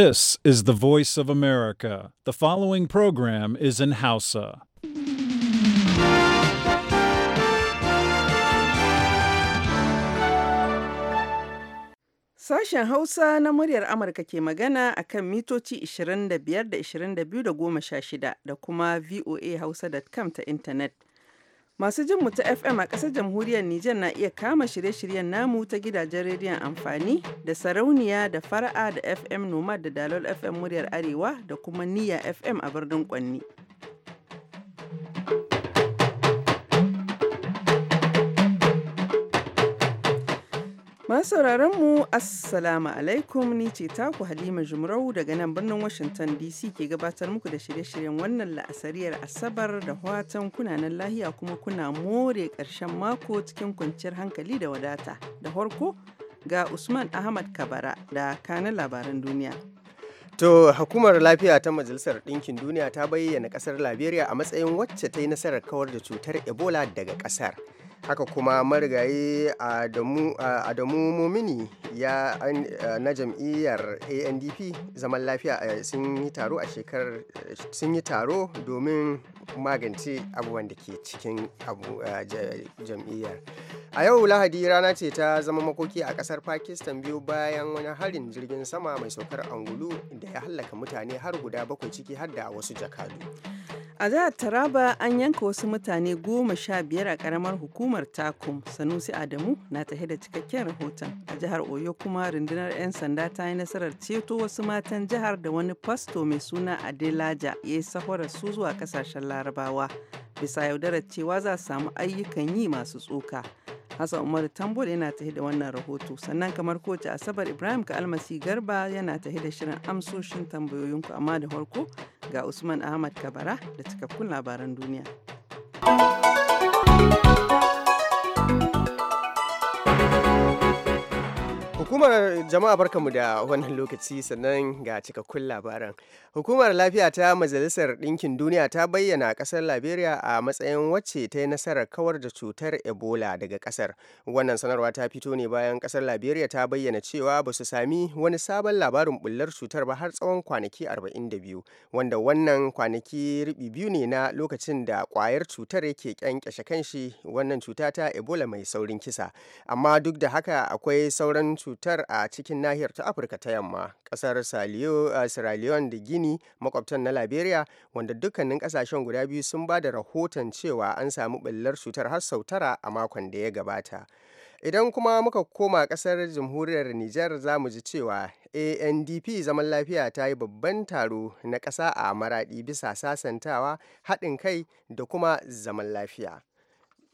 This is the voice of America. The following program is in Hausa. Sashen Hausa na muryar Amurka ke magana a kan mitoci 25 da 22 da 16 da kuma VOA Hausa.com ta intanet. Masu jin mu ta FM a ƙasar jamhuriyar Nijar na iya kama shirye-shiryen namu ta gidajen rediyon amfani da sarauniya da fara'a da FM Nomad da Dalol FM muryar Arewa da kuma Niyya FM a birnin Kwanni. Masu mu Assalamu alaikum ni ce taku Halima Jumrau daga nan birnin Washington DC ke gabatar muku da shirye-shiryen wannan la'asariyar Asabar da watan kunanan lahiya kuma kuna more karshen mako cikin kwanciyar hankali da wadata. Da farko ga Usman Ahmad Kabara da kanin labaran duniya. To, hukumar lafiya ta Majalisar Ɗinkin Duniya ta bayyana ƙasar Liberia a matsayin wacce ta yi nasarar kawar da cutar Ebola daga ƙasar. haka kuma marigayi adamu mumini ya na jam'iyyar andp zaman lafiya eh, sun yi taro sun yi taro domin magance abubuwan da ke cikin eh, jam'iyyar a yau lahadi rana ce ta zama makoki a kasar pakistan biyu bayan wani harin jirgin sama mai saukar angulu da ya hallaka mutane har guda bakwai ciki har da wasu jakadu A jihar Taraba an yanka wasu mutane goma sha biyar a karamar hukumar Takum. Sanusi Adamu na tahe da cikakken rahoton. A jihar Oyo kuma rundunar 'yan sanda ta yi nasarar ceto wasu matan jihar da wani fasto mai suna Adelaja ya yi sahorar su zuwa kasashen Larabawa. Bisa yaudarar cewa za su samu ayyukan yi masu tsoka. Hassan Umar Tambol yana tahi da wannan rahoto. Sannan kamar kowace Asabar Ibrahim ka almasi Garba yana tahi da shirin amsoshin tambayoyinku amma da farko ga Usman Ahmad Kabara da cikakkun labaran duniya. Hukumar jama'a barkanmu da wannan lokaci sannan ga cikakkun labaran. Hukumar lafiya ta Majalisar Ɗinkin Duniya ta bayyana ƙasar Liberia a matsayin wacce ta yi nasarar kawar da cutar Ebola daga ƙasar. Wannan sanarwa ta fito ne bayan ƙasar Liberia ta bayyana cewa ba su sami wani sabon labarin bullar cutar ba har tsawon kwanaki 42, wanda wannan kwanaki riɓi biyu ne na lokacin da ƙwayar cutar yake ƙyanƙyashe kanshi wannan cuta ta Ebola mai saurin kisa. Amma duk da haka akwai sauran cutar cutar a cikin nahiyar ta afirka ta yamma kasar eh, sierra leone da gini makwabtan na liberia wanda dukkanin kasashen guda biyu sun ba da rahoton cewa an samu ɓillar cutar har sau tara a makon da ya gabata idan kuma muka koma kasar jamhuriyar niger za mu ji cewa andp zaman lafiya ta yi babban taro na ƙasa a maraɗi bisa sasantawa haɗin kai da kuma zaman lafiya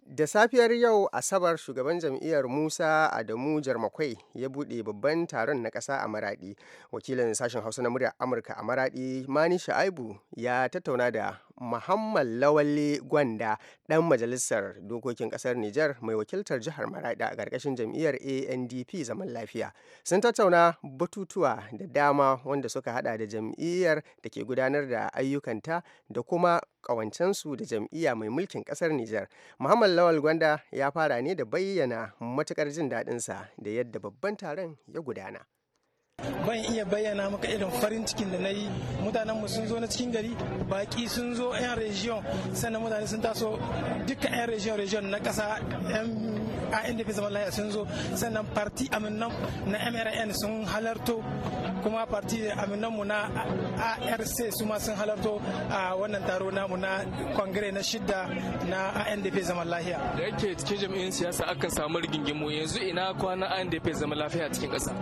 da safiyar yau asabar shugaban jam'iyyar musa adamu jarmakwai ya bude babban taron na ƙasa a maraɗi wakilin sashen hausa na muryar amurka a maraɗi mani sha'aibu ya tattauna da Muhammad Lawalle Gwanda ɗan majalisar dokokin ƙasar Nijar mai wakiltar jihar Maraɗa a ƙarƙashin jam'iyyar ANDP zaman lafiya sun tattauna batutuwa da dama wanda suka hada da jam'iyyar da ke gudanar da ayyukanta da kuma ƙawancensu da jam'iyya mai mulkin ƙasar Nijar. Muhammad Lawal Gwanda ya fara ne da bayyana matuƙar jin daɗinsa da yadda babban taron ya gudana. ban iya bayyana maka irin farin cikin da na yi mutanen mu sun zo na cikin gari baki sun zo yan region sannan mutane sun taso dukkan yan region region na kasa yan a inda fi zaman lafiya sun zo sannan parti aminan na mrn sun halarto kuma parti aminan mu na arc su ma sun halarto a wannan taro mu na kwangare na shidda na andp zaman lafiya da yake cikin jam'iyyun siyasa aka samu rigingimu yanzu ina kwana andp zaman lafiya cikin kasa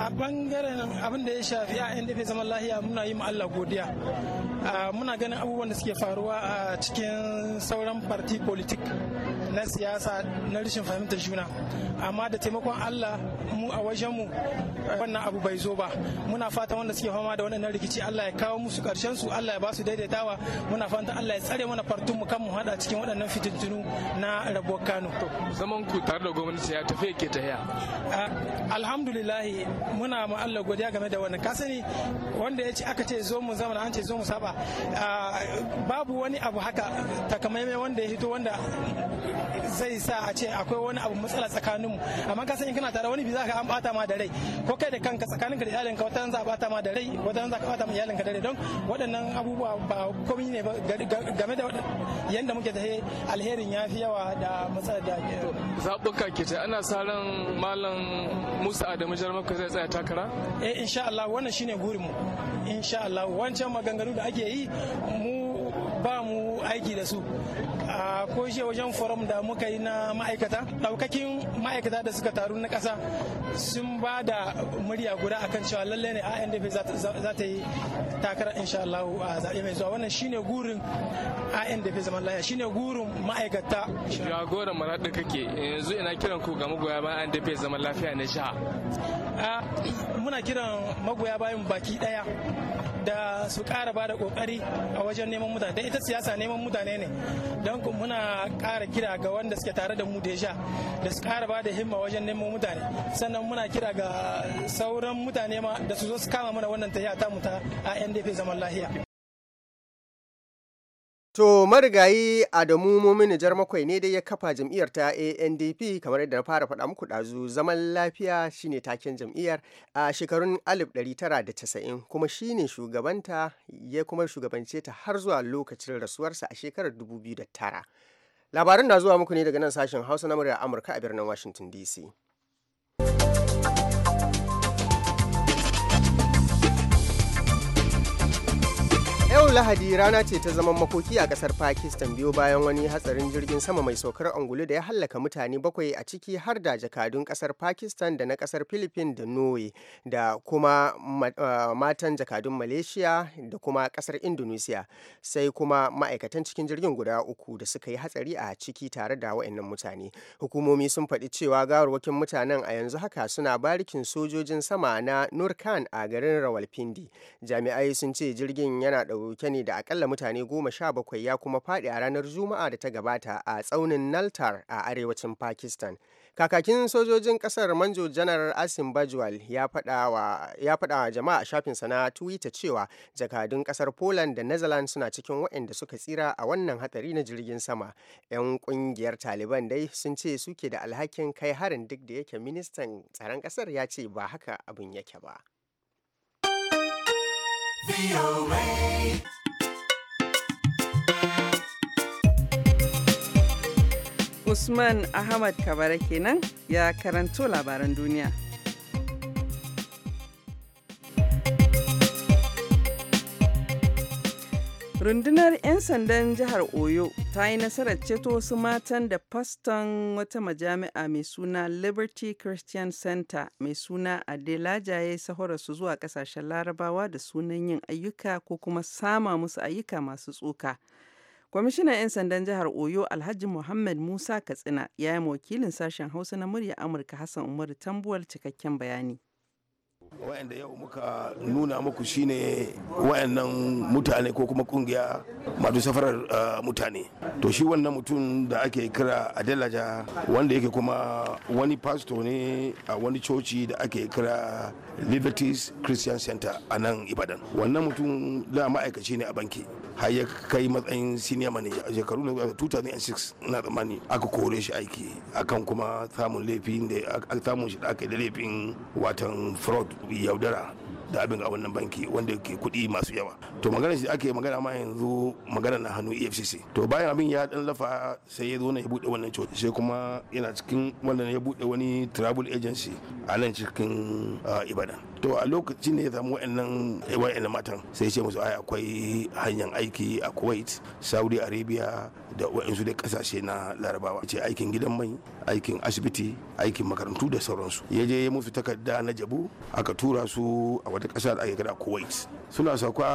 a bangaren abin da ya shafi a inda zaman lahiya muna yi Allah godiya muna ganin abubuwan da suke faruwa a cikin sauran parti politik na siyasa na rashin fahimtar juna amma da taimakon Allah mu a wajen mu. wannan abu bai zo ba muna fata wanda suke fama da wannan rikici Allah ya kawo musu karshen su Allah ya ba su daidaitawa muna fata Allah ya tsare mana fartun mu kan mu hada cikin waɗannan fitintunu na rabuwar Kano zaman ku tare da gwamnati ya tafi yake ta haya alhamdulillah muna ma Allah godiya game da wannan kasani wanda ya ce aka ce zo mu zama an ce zo mu saba babu wani abu haka takamaimai wanda ya hito wanda zai sa a ce akwai wani abu matsala tsakanin mu amma ka san in kana tare wani bi za ka an bata ma da rai ko kai da kanka tsakanin ka da iyalinka wata za a bata ma da rai wata za ka bata ma iyalinka da rai don waɗannan abubuwa ba komai ne ba game da yanda muke tahe alherin ya fi yawa da matsala da ke zaɓuka ke ce ana sa ran malam Musa Adamu Jarmaka zai tsaya takara eh insha Allah wannan shine gurin mu insha Allah wancan maganganu da ake yi mu ba mu aiki da su a koshe wajen forum da muka yi na ma'aikata daukakin ma'aikata da suka taru na ƙasa sun ba da murya guda akan cewa lallai ne ANDP za ta yi takarar, insha a zaɓe mai zuwa wannan shine gurin ANDP zaman lafiya shine gurin ma'aikata mara da kake yanzu ina kiran ku ga magoya bayan ANDP zaman lafiya na jiha muna kiran magoya bayan baki ɗaya da su ƙara ba da ƙoƙari a wajen neman mutane da ita siyasa neman mutane ne don kuma muna ƙara kira ga wanda suke tare da mu deja da su ƙara ba da himma wajen neman mutane sannan muna kira ga sauran mutane ma da su zo su kama mana wannan tahiya ta mu ta a NDP zaman lahiya To marigayi Adamu Mumini Jar Makwai ne dai ya kafa jam'iyyar ta ANDP kamar yadda na fara faɗa muku ɗazu zaman lafiya shine taken jam'iyyar a shekarun 1990 kuma shine shugabanta ya kuma shugabance ta har zuwa lokacin rasuwarsa a shekarar 2009. Labarin na zuwa muku ne daga nan sashen Hausa na murya Amurka a birnin Washington DC. Lahadi rana ce ta zaman makoki a kasar Pakistan biyo bayan wani hatsarin jirgin sama mai saukar angulu da ya hallaka mutane bakwai a ciki har da jakadun kasar Pakistan da na kasar Philippines da Norway da kuma eh, matan jakadun Malaysia da kuma kasar Indonesia sai kuma ma'aikatan cikin jirgin guda uku da suka yi hatsari a ciki tare da waɗannan mutane. Hukumomi sun faɗi cewa gawarwakin mutanen a yanzu haka suna barikin sojojin sama na nurkan a garin Rawalpindi. Jami'ai sun ce jirgin yana ɗauke ta da akalla mutane goma sha bakwai ya kuma faɗi a ranar Juma'a da ta gabata a tsaunin Naltar a arewacin Pakistan. Kakakin sojojin kasar Manjo Janar Asim Bajwal ya faɗa wa jama'a shafinsa na Twitter cewa jakadun kasar Poland da Netherlands suna cikin waɗanda suka tsira a wannan hatsari na jirgin sama. 'Yan ƙungiyar Taliban dai sun ce suke da alhakin kai harin duk da yake ministan tsaron kasar ya ce ba haka abin yake ba. Usman Ahmad Kabara kenan ya karanto labaran duniya. rundunar 'yan sandan jihar oyo ta yi nasarar ceto wasu matan da faston wata majami'a mai suna liberty christian center mai suna adelaja ya yi sahura su zuwa kasashen larabawa da sunan yin ayyuka ko kuma sama musu ayyuka masu tsoka kwamishinan 'yan sandan jihar oyo alhaji muhammad musa katsina ya yi wakilin sashen hausa na murya amurka hassan umaru tambuwal cikakken bayani wa'anda yau muka nuna muku shine wayannan mutane ko kuma kungiya masu safarar ah, mutane to shi wannan mutum da ake kira adelaja wanda yake kuma wani pastor ne a wani coci da ake kira liberties christian center a nan ibadan wannan mutum da ma'aikaci ne a banki har ya kai matsayin senior manager a shekaru 2006 na ah, tsammani aka kore shi aiki akan kuma samun laifin da samun shi da aka yi da laifin watan fraud yaudara da abin a wannan banki wanda ke kuɗi masu yawa to magana shi ake magana ma yanzu magana na hannu efcc to bayan abin ya dan lafa sai ya zo na ya buɗe wannan coci sai kuma yana cikin wannan ya buɗe wani travel agency a nan cikin ibadan to a lokacin ne ya samu wa'annan wa'annan matan sai ce musu ai akwai hanyar aiki a kuwait saudi arabia da wa'ansu da kasashe na larabawa ce aikin gidan mai aikin asibiti aikin makarantu da sauransu ya je ya musu takarda na jabu aka tura su a wata kasa da ake kira kuwait suna sauka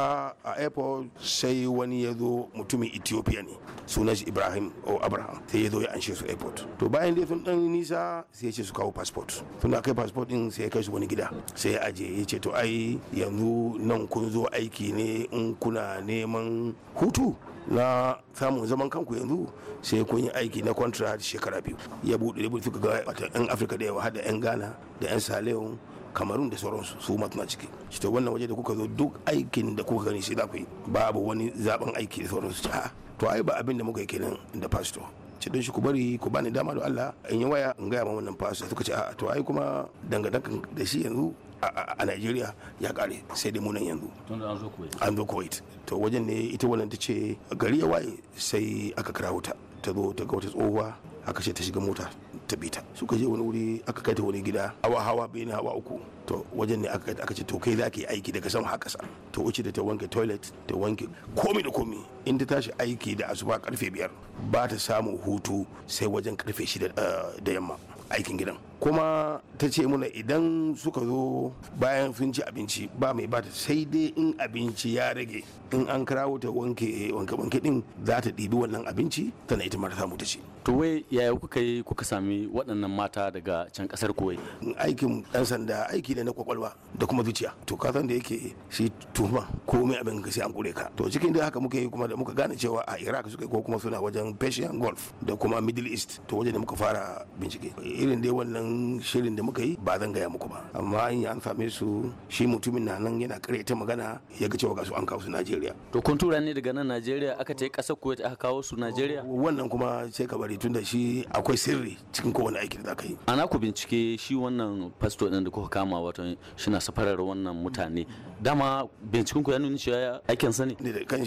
a airport sai wani ya zo mutumin ethiopia ne sunan shi ibrahim o abraham sai ya zo ya anshe su airport to bayan dai sun dan nisa sai ya ce su kawo passport suna kai passport din sai ya kai su wani gida sai ya aje ya ce to ai yanzu nan kun zo aiki ne in kuna neman hutu na samun zaman kanku yanzu sai kun yi aiki na contract shekara biyu ya buɗe da buɗe ga wata 'yan afirka da yawa hada 'yan ghana da 'yan saleon kamarun da sauransu su ma tana ciki shi wannan waje da kuka zo duk aikin da kuka gani shi za ku yi babu wani zaben aiki da sauransu a to ai ba abin da muka yi kenan da pastor ce don shi ku bari ku bani dama da Allah in yi waya in gaya ma wannan pastor suka ce a to ai kuma dangantakan da shi yanzu a Najeriya ya kare sai dai munan yanzu an zo Kuwait to wajen ne ita wannan ta ce gari ya waye sai aka kira wuta ta zo ta ga wata tsohuwa aka ce ta shiga mota ta bita su suka je wani wuri aka kai ta wani gida hawa hawa bai na hawa uku to wajen ne aka ce to kai za ka yi aiki daga sama haka sa to wuce da ta wanke toilet ta wanke komi da komi in ta tashi aiki da asuba karfe biyar ba ta samun hutu sai wajen karfe shida eh, da yamma aikin gidan kuma ta ce muna idan suka zo bayan sun ci abinci ba mai bata sai dai in abinci ya rage in an kirawo ta wanke wanke wanke din za ta ɗibi wannan abinci tana ita marasa mu ta ce to wai yaya kuka yi kuka sami waɗannan mata daga can ƙasar kuwai aikin ɗan sanda aiki ne na kwakwalwa da kuma zuciya to ka san da yake shi tuhuma komai abin ka sai an kure ka to cikin da haka muka yi kuma da muka gane cewa a iraq suka ko kuma suna wajen persian golf da kuma middle east to wajen da muka fara bincike irin dai wannan shirin da muka yi ba zan gaya muku ba amma an yi an same su shi mutumin na nan yana kare ta magana ya ga cewa ga su an kawo su najeriya to kun tura ne daga nan najeriya aka ta yi ƙasar kuwait aka kawo su najeriya wannan kuma sai ka bari labari tunda shi akwai sirri cikin kowane aiki da zaka yi ana ku bincike shi wannan pastor din da kuka kama wato shi na safarar wannan mutane dama binciken ku ya nuna cewa aikin sani ne da kan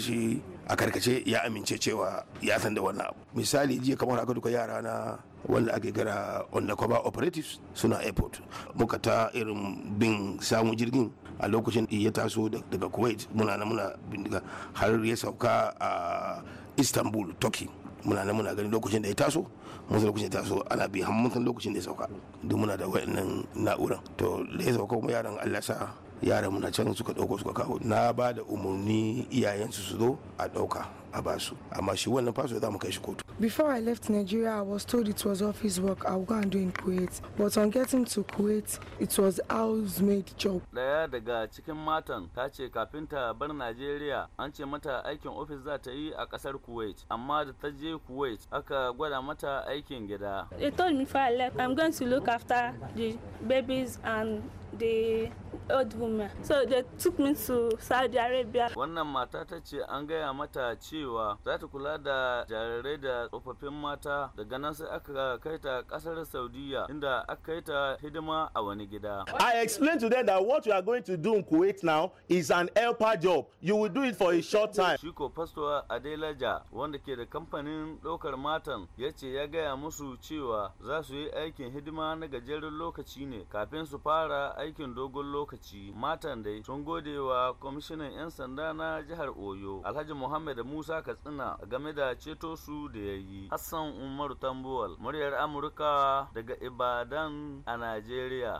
a karkace ya amince cewa ya san da wannan abu misali jiya kamar aka duka yara na wanda ake gara kwaba operatives suna airport muka ta irin bin samun jirgin a lokacin ya taso daga kuwait muna na muna bindiga har ya sauka a istanbul turkey muna nan muna ganin lokacin da ya taso mun san lokacin da ya taso ana bi har mun san lokacin da ya sauka duk muna da wayannan na'uran to da ya sauka kuma yaran Allah sa yaran muna can suka dauko suka kawo na ba da umarni iyayensu su zo a ɗauka a ba basu amma shi wannan passport za mu kai shi kotu before i left nigeria i was told it was office work i would go and do in kuwait but on getting to kuwait it was housemaid job daya daga cikin matan ta ce kafin ta bar nigeria an ce mata aikin office za ta yi a kasar kuwait amma da ta je kuwait aka gwada mata aikin gida they told me before i left i'm going to look after the babies and the old woman so they took me to saudi arabia wannan mata ta ce an gaya mata cewa cewa za ta kula da jarirai da tsofaffin mata daga nan sai aka kai ta kasar saudiya inda aka kai ta hidima a wani gida i explained to them that what you are going to do in kuwait now is an helper job you will do it for a short time shiko pastor adelaja wanda ke da kamfanin ɗaukar matan ya ce ya gaya musu cewa za su yi aikin hidima na gajeren lokaci ne kafin su fara aikin dogon lokaci matan dai sun gode wa kwamishinan 'yan sanda na jihar oyo alhaji muhammad musa Amurka Katsina game da ceto su da ya yi. Hassan Umaru Tambuwal, muryar Amurka daga Ibadan a Najeriya.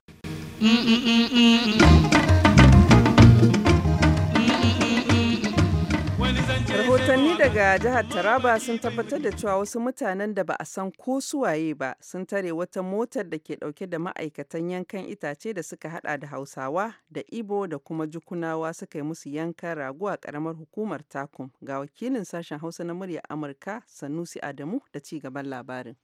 Mm, mm, mm, rahotanni daga jihar taraba sun tabbatar da cewa wasu mutanen da ba a san ko suwaye ba sun tare wata motar da ke dauke da ma'aikatan yankan itace da suka hada da hausawa da ibo da kuma jukunawa suka yi musu yankan rago a karamar hukumar takum ga wakilin sashen hausa na murya amurka sanusi adamu da ci gaban labarin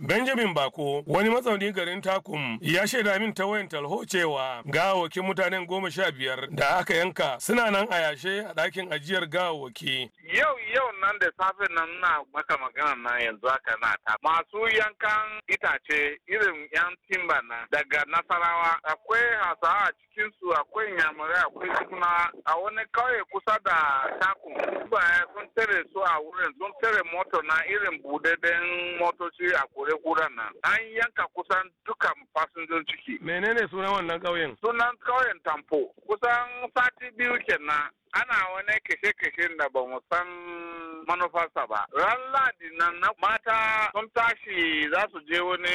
Benjamin Bako wani matsaunin garin Takum ya shaida min ta wayan talho cewa gawakin mutanen goma sha biyar da aka yanka suna nan a yashe a ɗakin ajiyar gawaki. Yau yau nan da safe nan na maka magana na yanzu haka na ta. Masu yankan itace irin yan timba na daga Nasarawa akwai hasawa a cikin akwai yamurai akwai suna a wani kauye kusa da Takum. Ba sun tare su a wurin sun tare moto na irin budadden motoci a kure kuran nan an yanka kusan dukan fasinjin ciki menene sunan wannan kauyen sunan ƙauyen tampo kusan sati biyu kenan ana wani kashe-kashen da ba mu san manufarsa ba. Ran ladi nan na mata sun tashi za su je wani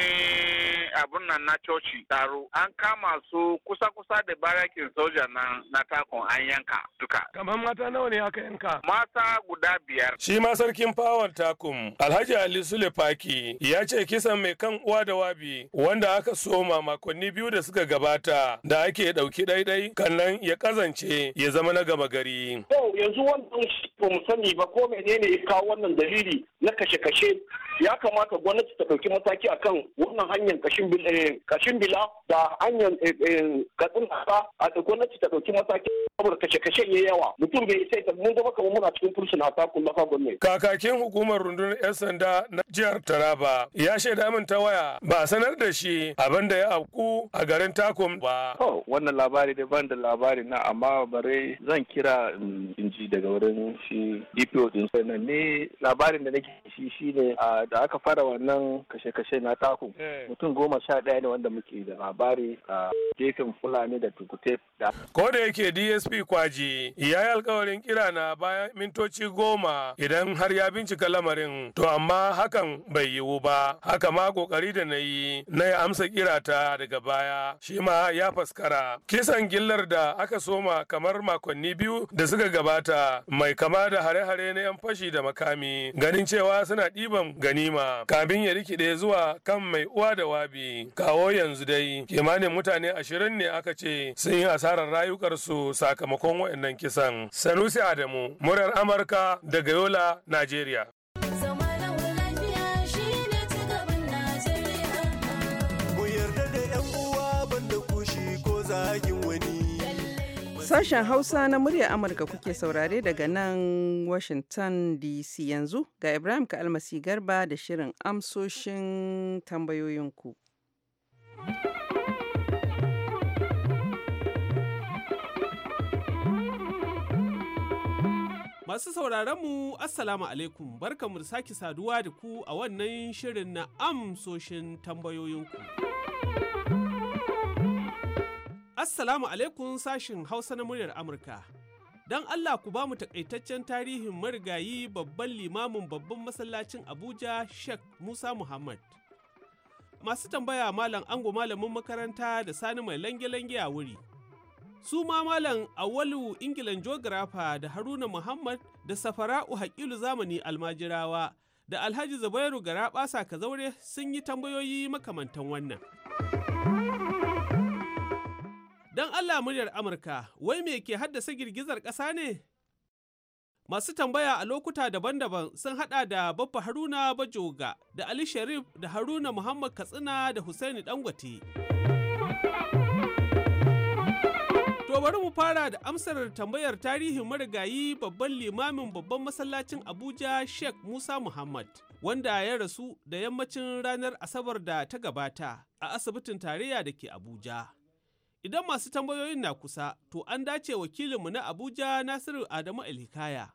abun nan na coci taro. An kama su kusa-kusa da barakin soja nan na takon an yanka duka. Kamar mata nawa ne aka yanka? Mata guda biyar. Shi ma sarkin fawon takum Alhaji Ali Sule Faki ya ce kisan mai kan uwa da wabi wanda aka soma makonni biyu da suka gabata da ake ɗauki ɗaiɗai kannan ya ƙazance ya zama na gama gari. yi. yanzu wannan shi ba sani ba ko menene ya kawo wannan dalili na kashe-kashe ya kamata gwamnati ta ɗauki mataki kan wannan hanyar kashin eh, bila da hanyar eh, eh, katsin ƙasa a gwamnati ta ɗauki mataki saboda kashe kashe ya yawa mutum bai sai ta mun zama kamar muna cikin a ta kulla fa gwamnati. kakakin hukumar rundunar 'yan sanda na jihar taraba ya shaida min ta waya ba sanar da shi abin da ya auku a garin takum ba. wannan labari da ban da labari na amma bare zan kira in ji daga wurin shi dpo e din sanar ne labarin da nake shi shine a ah, da aka fara wannan kashe-kashe na taku eh. mutum goma sha ɗaya ne wanda muke da labari a gefen fulani da tukute da ko da yake dsp kwaji ya yi alkawarin kira na bayan mintoci goma idan har ya bincika lamarin to amma hakan bai yiwu ba haka ma kokari da na yi na ya amsa kira ta daga baya shi ma ya faskara kisan gillar da aka soma kamar makonni biyu da suka gabata mai kama da hare-hare na yan fashi da makami ganin cewa suna ɗiban gari ganima kamin ya rikide zuwa kan mai uwa da wabi kawo yanzu dai kimanin mutane ashirin ne aka ce sun yi asarar rayukarsu sakamakon waɗannan kisan sanusi adamu murar amurka daga yola najeriya Sashen Hausa na murya Amurka kuke saurare daga nan Washington DC yanzu ga Ibrahim Kalmasi Garba da shirin amsoshin tambayoyinku. Masu sauraron mu Assalamu alaikum barkamu da sake saduwa da ku a wannan shirin na amsoshin tambayoyinku. Assalamu alaikum sashin Hausa na muryar Amurka. Don Allah ku ba mu takaitaccen tarihin marigayi babban limamin babban masallacin Abuja Sheikh Musa Muhammad. Masu tambaya Malam Ango malamin makaranta da Sani mai lange-lange a wuri. Su ma Malam Awalu Ingilan Geografa da Haruna Muhammad da Safara'u Haƙilu Zamani Almajirawa da Alhaji Zubairu Garaɓasa Kazaure sun yi tambayoyi makamantan wannan. Don Allah muryar Amurka, wai me ke haddasa girgizar ƙasa ne? Masu tambaya a lokuta daban-daban sun haɗa da Baffa Haruna Bajoga da Ali Sharif da Haruna Muhammad Katsina da Hussaini Dangote. To bari mu fara da amsar tambayar tarihin marigayi babban limamin babban masallacin Abuja Sheikh Musa Muhammad wanda ya rasu da yammacin ranar Asabar da ta gabata a asibitin tarayya da ke Abuja. Idan masu tambayoyin na kusa, to an dace wakilinmu na Abuja Nasiru Adamu Alhikaya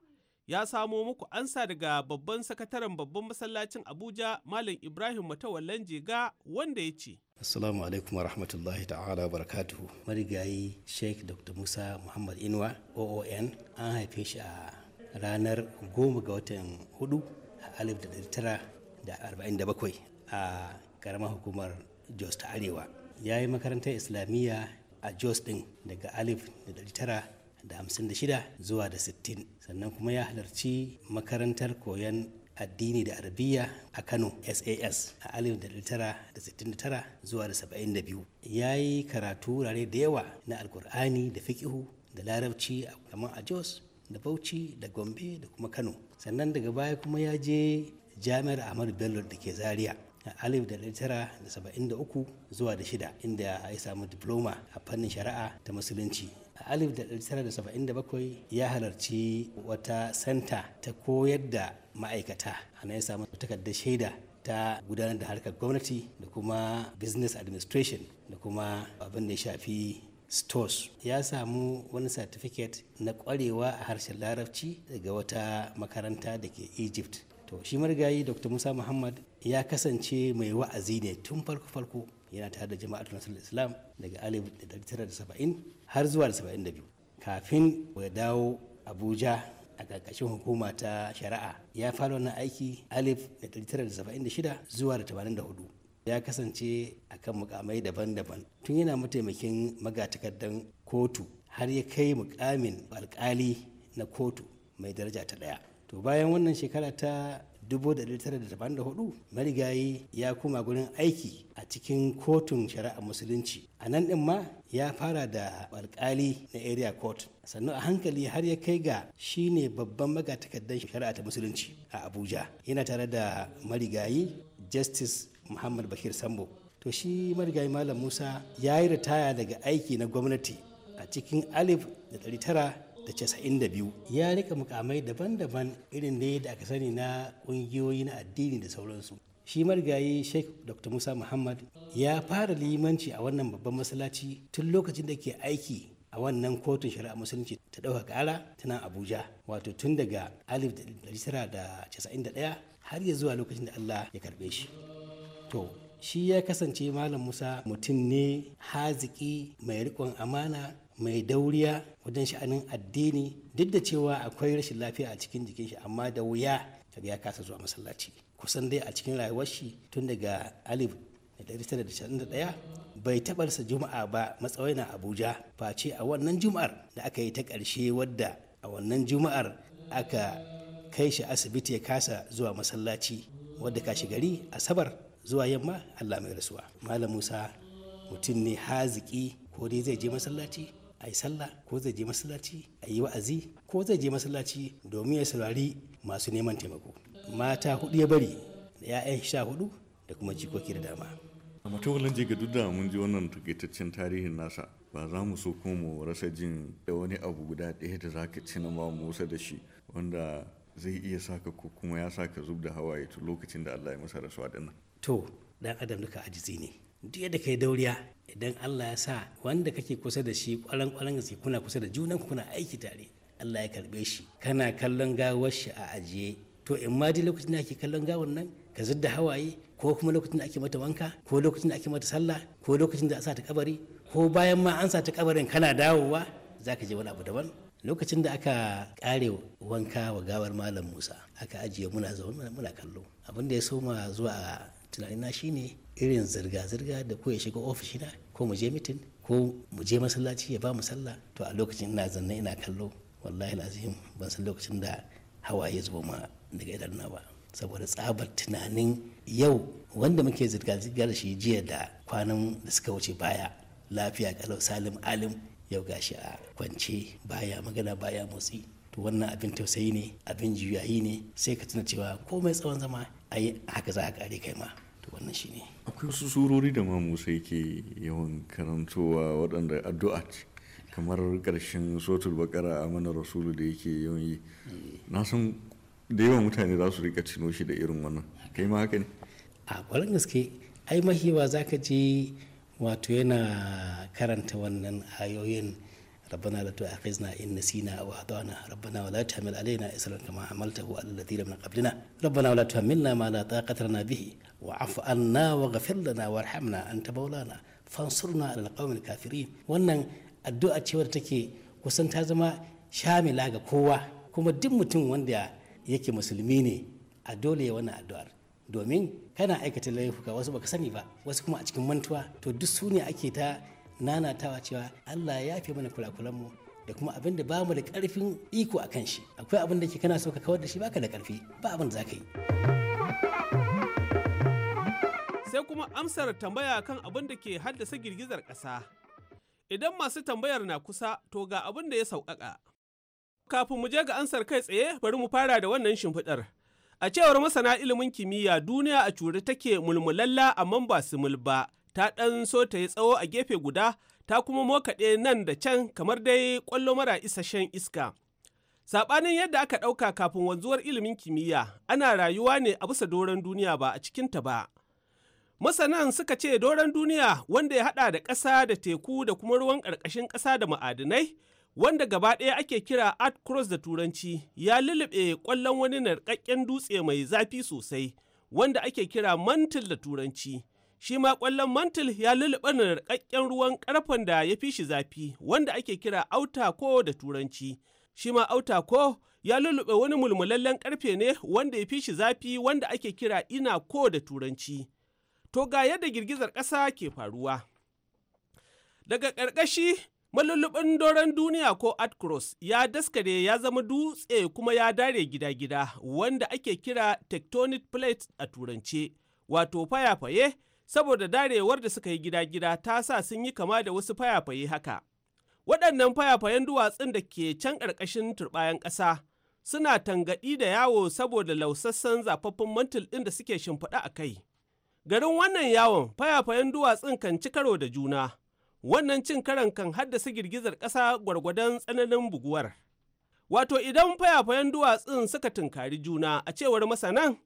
ya samo muku ansa daga babban sakataren babban masallacin Abuja Malam Ibrahim Matawallan Jega wanda ya ce. Assalamu alaikum wa rahmatullahi ta'ala barakatuhu. Marigayi Sheikh Dr. Musa Muhammad Inuwa OON an haife shi a ranar goma ga watan hudu a 1947 a karamar hukumar Jos ta Arewa. Ya yi makarantar Islamiyya a jos din daga alif da dari tara da hamsin da shida zuwa da sittin sannan kuma ya halarci makarantar koyon addini da arabiya a kano sas a alif da dari tara da sittin da tara zuwa da saba'in da biyu ya yi karatu wurare da yawa na alkur'ani da fikihu da larabci a kamar a jos da bauchi da gombe da kuma kano sannan daga baya kuma ya je jami'ar ahmadu bello da ke zaria alif da tara da saba'in da uku zuwa da shida inda ya samu diploma a fannin shari'a ta musulunci a alif da tara da saba'in da bakwai ya halarci wata santa ta koyar da ma'aikata ana ya samu takardar shaida ta gudanar da harkar gwamnati da kuma business administration da kuma abin da ya shafi stores ya samu wani certificate na kwarewa a harshen larabci daga wata makaranta da ke egypt to shi marigayi dr musa muhammad ya kasance mai wa'azi ne tun farko farko yana tare da jama'atul nasarar islam daga 1970 har zuwa 72 kafin ya dawo abuja a ƙarƙashin hukuma ta shari'a ya fara wannan aiki 1976 zuwa 84 ya kasance a kan mukamai daban-daban tun yana mataimakin magatakardan kotu har ya kai mukamin alkali na kotu mai daraja ta ɗaya to bayan wannan shekara ta 1984 marigayi ya kuma gurin aiki a cikin kotun shari'a musulunci a nan din ma ya fara da alkali na area court sannan a hankali har ya kai ga shine babban magatakardar shari'a ta musulunci a abuja yana tare da marigayi justice muhammad bashir sambo to shi marigayi malam musa ya yi ritaya daga aiki na gwamnati a cikin alif da da casa'in da biyu ya rika mukamai daban-daban irin ne da aka sani na ƙungiyoyi na addini da sauransu shi marigayi sheikh dr musa muhammad ya fara limanci a wannan babban masallaci tun lokacin da ke aiki a wannan kotun shari'a musulunci ta ɗauka kara ta nan abuja wato tun daga alif da da casa'in ɗaya har ya zuwa lokacin da allah ya karɓe shi to shi ya kasance malam musa mutum ne haziki mai rikon amana mai dauriya wajen sha'anin addini duk da cewa akwai rashin lafiya a cikin jikin shi amma da wuya kaga ya kasa zuwa masallaci kusan dai a cikin rayuwar shi tun daga alif da bai taɓa juma'a ba matsawaina abuja face a wannan juma'ar da aka yi ta ƙarshe wadda a wannan juma'ar aka kai shi asibiti ya kasa zuwa masallaci wadda kashi gari asabar zuwa yamma allah mai rasuwa malam musa mutum ne haziki ko dai zai je masallaci a yi sallah ko zai je masallaci a yi wa'azi ko zai je masallaci domin ya saurari masu neman taimako mata hudu ya bari da 'ya'yan sha hudu da kuma jikoki da dama a Wani ji ga duk da mun ji wannan takaitaccen tarihin nasa ba za mu so kuma mu rasa jin da wani abu guda ɗaya da za ka ci na musa da shi wanda zai iya saka ko kuma ya saka zub da hawaye lokacin da allah ya masa rasuwa dinnan to dan adam duka ajizi ne duk yadda kai dauriya idan Allah ya sa wanda kake kusa da shi kwaran kwaran gaske kuna kusa da junan kuna aiki tare Allah ya karbe shi kana kallon gawar shi a ajiye to in ma dai lokacin da ake kallon gawar nan ka zidda hawaye ko kuma lokacin da ake mata wanka ko lokacin da ake mata sallah ko lokacin da a sa ta kabari ko bayan ma an sa ta kabarin kana dawowa za ka je wani abu daban lokacin da aka kare wanka wa gawar malam musa aka ajiye muna zaune muna kallo abin da ya soma zuwa tunanina shine irin zirga-zirga da ko ya shiga ofishina ko mu je mitin ko mu je masallaci ya ba mu sallah to a lokacin ina zanne ina kallo wallahi lazim ban san lokacin da hawa ya zuba ma daga na ba saboda tsabar tunanin yau wanda muke zirga-zirga da shi jiya da kwanan da suka wuce baya lafiya kalau salim alim yau gashi a kwance baya magana baya motsi to wannan abin tausayi ne abin juyayi ne sai ka tuna cewa komai tsawon zama ai haka za a kare kai ma wannan shi ne akwai wasu surori da ma yake ke yawan karantowa waɗanda addu'a kamar ƙarshen sotul bakara a mana rasulu da yake yawan yi eh. na san da yawan mutane za su rika cino shi da irin wannan kai ma haka ne a ƙwarar gaske ai mahiwa za ka je wato yana karanta wannan ayoyin ربنا لا تؤاخذنا إن نسينا أو أخطأنا ربنا ولا تحمل علينا إصرا كما حملته على الذين من قبلنا ربنا ولا تحملنا ما لا طاقة لنا به واعف عنا واغفر لنا وارحمنا أنت مولانا فانصرنا على القوم الكافرين wannan addu'a ce wadda take kusan ta zama shamila ga kowa kuma duk mutum wanda yake musulmi ne a dole ya wannan addu'ar domin kana aikata laifuka wasu baka sani ba wasu kuma a cikin mantuwa to duk su ne ake ta nanatawa cewa Allah ya fi mana kurakuranmu da kuma abin da bamu da karfin iko a kan shi akwai abin da ke kana so ka kawar da shi baka da karfi ba abin za ka yi sai kuma amsar tambaya kan abin da ke haddasa girgizar ƙasa idan masu tambayar na kusa to ga abin da ya sauƙaƙa kafin mu je ga amsar kai tsaye bari mu fara da wannan shimfiɗar a cewar masana ilimin kimiyya duniya a cure take mulmulalla amma ba su ba ta ɗan so ta yi tsawo a gefe guda ta kuma mokaɗe nan da can kamar dai ƙwallo mara isasshen iska. Saɓanin yadda aka ɗauka kafin wanzuwar ilimin kimiyya ana rayuwa ne a bisa doron duniya ba a cikinta ba. Masanan suka ce doron duniya wanda ya haɗa da ƙasa da teku da kuma ruwan ƙarƙashin ƙasa da ma'adinai wanda gaba ɗaya ake kira art cross da turanci ya lulluɓe ƙwallon wani narƙaƙƙen dutse mai zafi sosai wanda ake kira mantil da turanci. shi ma ƙwallon mantil ya lulluɓa na rikakken ruwan ƙarfen da ya fi shi zafi wanda ake kira auta ko da turanci shi ma auta ko ya lulluɓe wani mulmulallen ƙarfe ne wanda ya fi shi zafi wanda ake kira ina ko da turanci to ga yadda girgizar ƙasa ke faruwa daga ƙarƙashi malulluɓin doron duniya ko atcross ya daskare ya zama dutse kuma ya dare gida-gida wanda ake kira tectonic plate a turance wato faye. saboda darewar da suka yi gida-gida ta sa sun yi kama da wasu fayafaye haka. Waɗannan fayafayen duwatsun da ke can ƙarƙashin turɓayan ƙasa suna tangaɗi da yawo saboda lausassan zafaffen mantul ɗin da suke shimfiɗa a kai. Garin wannan yawon fayafayen duwatsun kan ci karo da juna, wannan cin karan kan haddasa girgizar ƙasa gwargwadon tsananin buguwar. Wato idan fayafayen duwatsun suka tunkari juna a cewar masanan,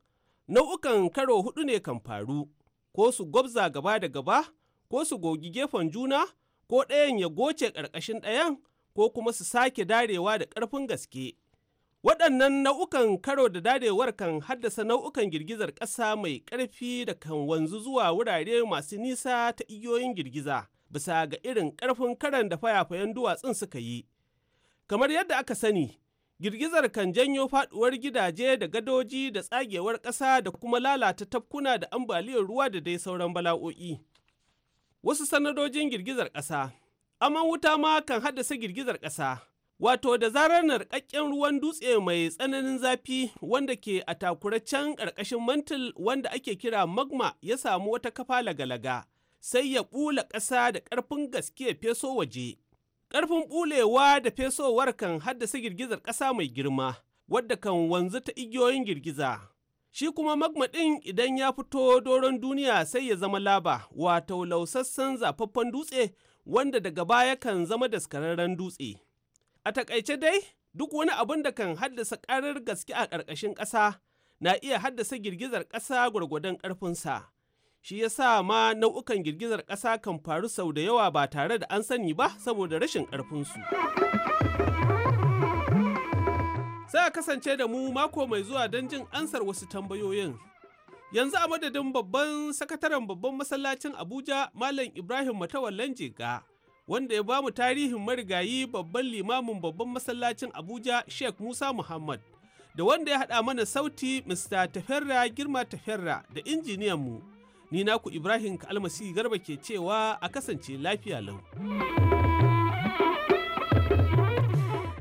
nau'ukan karo hudu ne kan faru. ko su gwabza gaba da gaba ko su gogi gefen juna ko ɗayan ya goce ƙarƙashin ɗayan ko kuma su sake darewa da ƙarfin gaske. Waɗannan nau'ukan karo da darewar kan haddasa nau'ukan girgizar ƙasa mai ƙarfi da kan wanzu zuwa wurare masu nisa ta igiyoyin girgiza bisa ga irin ƙarfin karan da fayafayen duwatsun suka yi. Kamar yadda aka sani, Girgizar kan janyo faduwar gidaje da gadoji da tsagewar ƙasa da kuma lalata tafkuna da ambaliyar ruwa da dai sauran bala'o'i. Wasu sanadojin girgizar ƙasa. Aman wuta ma kan haddasa girgizar ƙasa. Wato da zarar narkakken ruwan dutse mai tsananin zafi wanda ke a takuraccen ƙarƙashin mantil wanda ake kira magma ya samu wata kafa laga-laga. Sai ya ɓula ƙasa da ƙarfin gaske feso waje. Ƙarfin bulewa da fesowar kan haddasa girgizar ƙasa mai girma, wadda kan wanzu ta igiyoyin girgiza. Shi kuma magmaɗin idan ya fito doron duniya sai ya zama laba, wato lausassan zafaffen dutse wanda daga baya kan zama daskararren dutse. A takaice dai, duk wani abin da kan haddasa ƙarar gaske a ƙarƙashin ƙasa na iya haddasa girgizar ƙasa gwargwadon ƙarfinsa. shi ya sa ma nau'ukan girgizar ƙasa kan faru sau da yawa ba tare da an sani ba saboda rashin ƙarfinsu. Sai a kasance da mu mako mai zuwa don jin ansar wasu tambayoyin. Yanzu a madadin babban sakataren babban masallacin Abuja Malam Ibrahim Matawallan Jega, wanda ya bamu tarihin marigayi babban limamin babban masallacin Abuja Sheikh Musa Muhammad. da wanda ya haɗa mana sauti Mr. Tafera Girma Tafera da injiniyanmu Ni naku Ibrahim almasi Garba ke cewa a kasance lafiya lau.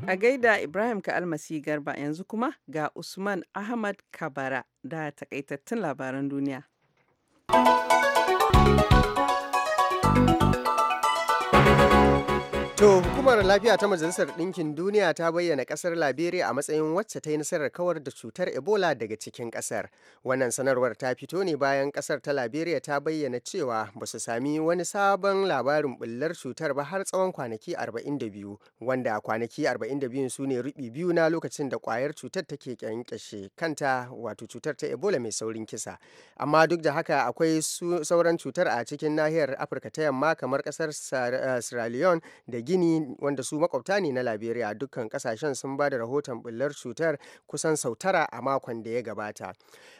A gaida Ibrahim almasi Garba yanzu kuma ga Usman Ahmad Kabara da takaitattun labaran duniya. To hukumar lafiya ta Majalisar Ɗinkin Duniya ta bayyana ƙasar Liberia a matsayin wacce ta yi nasarar kawar da cutar Ebola daga cikin ƙasar. Wannan sanarwar ta fito ne bayan ƙasar ta Liberia ta bayyana cewa ba su sami wani sabon labarin bullar cutar ba har tsawon kwanaki 42, wanda kwanaki 42 su ne rubi biyu na lokacin da ƙwayar cutar take ƙyanƙyashe kanta wato cutar ta Ebola mai saurin kisa. Amma duk da haka akwai sauran cutar a cikin nahiyar Afirka ta Yamma kamar ƙasar eh, Sierra Leone da gini wanda su makwabta ne na liberia dukkan kasashen sun ba da rahoton bullar cutar kusan sau tara a makon da ya gabata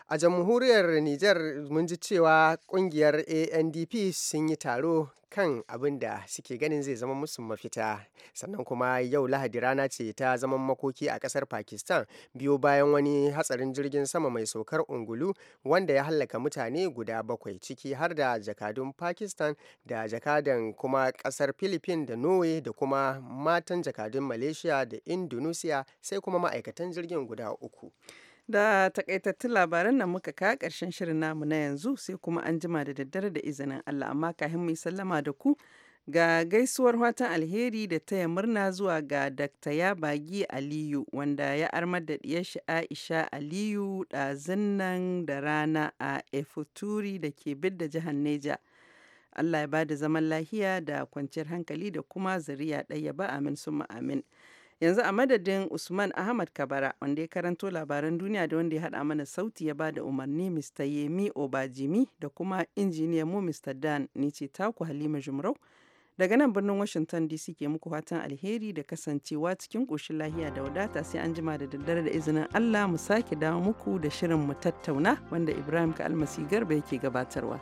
a jamhuriyar niger mun ji cewa kungiyar andp sun yi taro kan abin da suke ganin zai zama musu mafita sannan kuma yau lahadi rana ce ta zaman makoki a kasar pakistan biyo bayan wani hatsarin jirgin sama mai saukar ungulu wanda ya hallaka mutane guda bakwai ciki har da jakadun pakistan da jakadan kuma kasar philippines da norway da kuma matan jakadun malaysia da indonesia sai kuma ma'aikatan jirgin guda uku Da takaitattun labaran nan muka kawo karshen shirin namu na yanzu sai kuma an jima da daddare da izinin Allah amma ka mu sallama da ku ga gaisuwar watan alheri da taya murna zuwa ga Dr. Yabagi Aliyu wanda ya armar da shi Aisha Aliyu ɗazun nan da rana a Efuturi da ke bidda jihar Neja. Allah ya bada zaman lahiya da kwanciyar hankali da kuma zuriya ɗaya ba amin summa amin. Yanzu a madadin Usman Ahmad Kabara wanda ya karanto labaran duniya da wanda ya hada mana sauti ya bada umarni Mr. Yemi Obajimi da kuma injiniyan mu Mr. Dan ni ce taku Halima Jumrau. Daga nan birnin Washington DC ke muku fatan alheri da kasancewa cikin ƙoshin lahiya da wadata sai an jima da daddare da izinin Allah mu sake dawo muku da shirin mu tattauna wanda Ibrahim ka almasi Garba yake gabatarwa.